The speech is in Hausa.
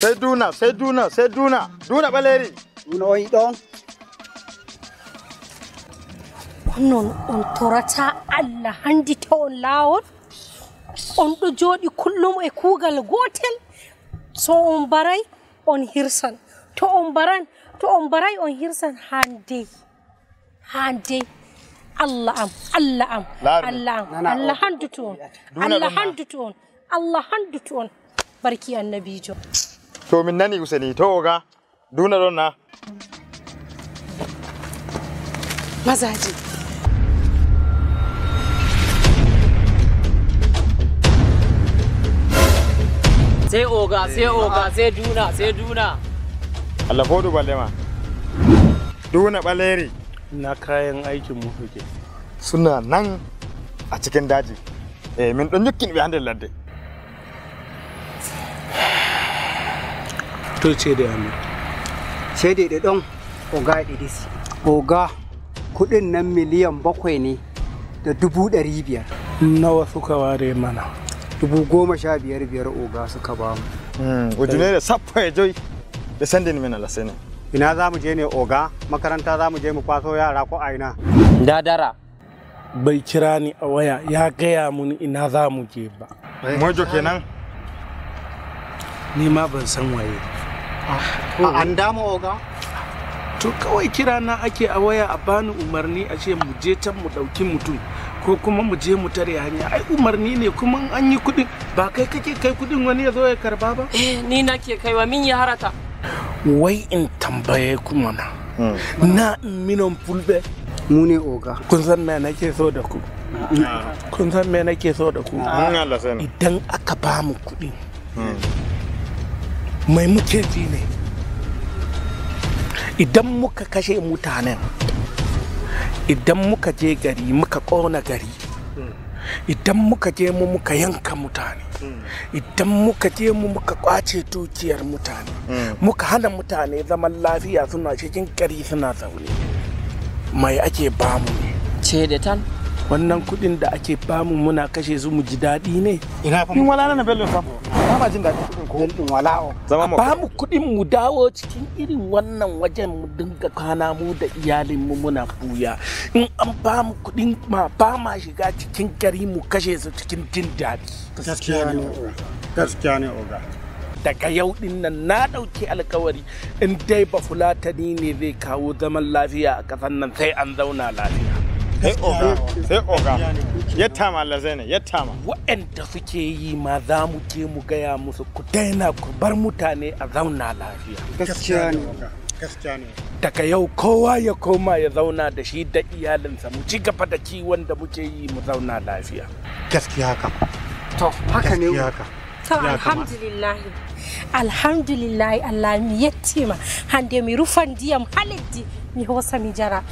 Sai duna, sai duna, sai duna, duna baleri. Duna wani don. Wannan on torata Allah handi ta on lawol. On ɗo joɗi kullum e kugal gotel. So on barai on hirsan. To on baran, to on barai on hirsan hande. Hande. Allah am, Allah am, Allah am, Allah oh. handutu on, Allah handutu on, Allah handutu on. Barki annabijo. to min nani useni to oga duna don na mazaji sai oga sai oga sai duna sai duna Allah fodu balema duna baleri na kayan aikin mu suke suna nan a cikin daji eh min don yukin bi handin ladde to ceede amin ceede da don oga e ɗiɗisi oga kudin nan miliyan bakwai ne da dubu ɗari biyar nawa suka ware mana dubu goma sha biyar biyar oga suka ba mu ne da sappo ya joi da sandin min ne ina za mu je ne oga makaranta za mu je mu kwaso yara ko aina dadara bai kira ni a waya ya gaya mun ina za mu je ba mojo kenan ni ma ban san waye an dama oga to kawai kira na ake a waya a bani umarni a ce mu je can mu dauki mutum ko kuma mu je mu tare hanya ai umarni ne kuma an yi kudin ba kai kake kai kudin wani ya zo ya karba ba eh ni nake wa min ya harata wai in tambaye ku mana hmm. na minon fulbe mu ne oga kun san me nake so da ku hmm. kun san me nake so da ku hmm. idan aka ba mu kudin mai muke ji ne idan muka kashe mutanen idan muka je gari muka kona gari idan muka je mu muka yanka mutane idan muka je mu muka kwace dukiyar mutane muka hana mutane zaman lafiya suna cikin gari suna zaune mai ake bamu ne ce da tan wannan kudin da ake bamu muna kashe su mu ji daɗi ne ina fa mun wala na bello fa ba ma jin daɗi ko kuɗin wala zama mu bamu mu dawo cikin irin wannan wajen mu dinga kwana mu da iyalin mu muna buya in an bamu kudin ma ba ma shiga cikin gari mu kashe su cikin jin daɗi gaskiya ne oga gaskiya ne oga daga yau din nan na ɗauki alkawari in dai ba fulatani ne zai kawo zaman lafiya a kasan nan sai an zauna lafiya sai oga sai oga ya tama Allah zaina ya tama wa'anda suke yi ma za mu je mu gaya musu ku daina ku bar mutane a zauna lafiya gaskiya ne gaskiya ne daga yau kowa ya koma ya zauna da shi da iyalinsa mu ci gaba da kiwon da muke yi mu zauna lafiya gaskiya ka to haka ne haka to alhamdulillah alhamdulillah Allah mi yettima hande mi rufan diyam halitti mi hosa mi jara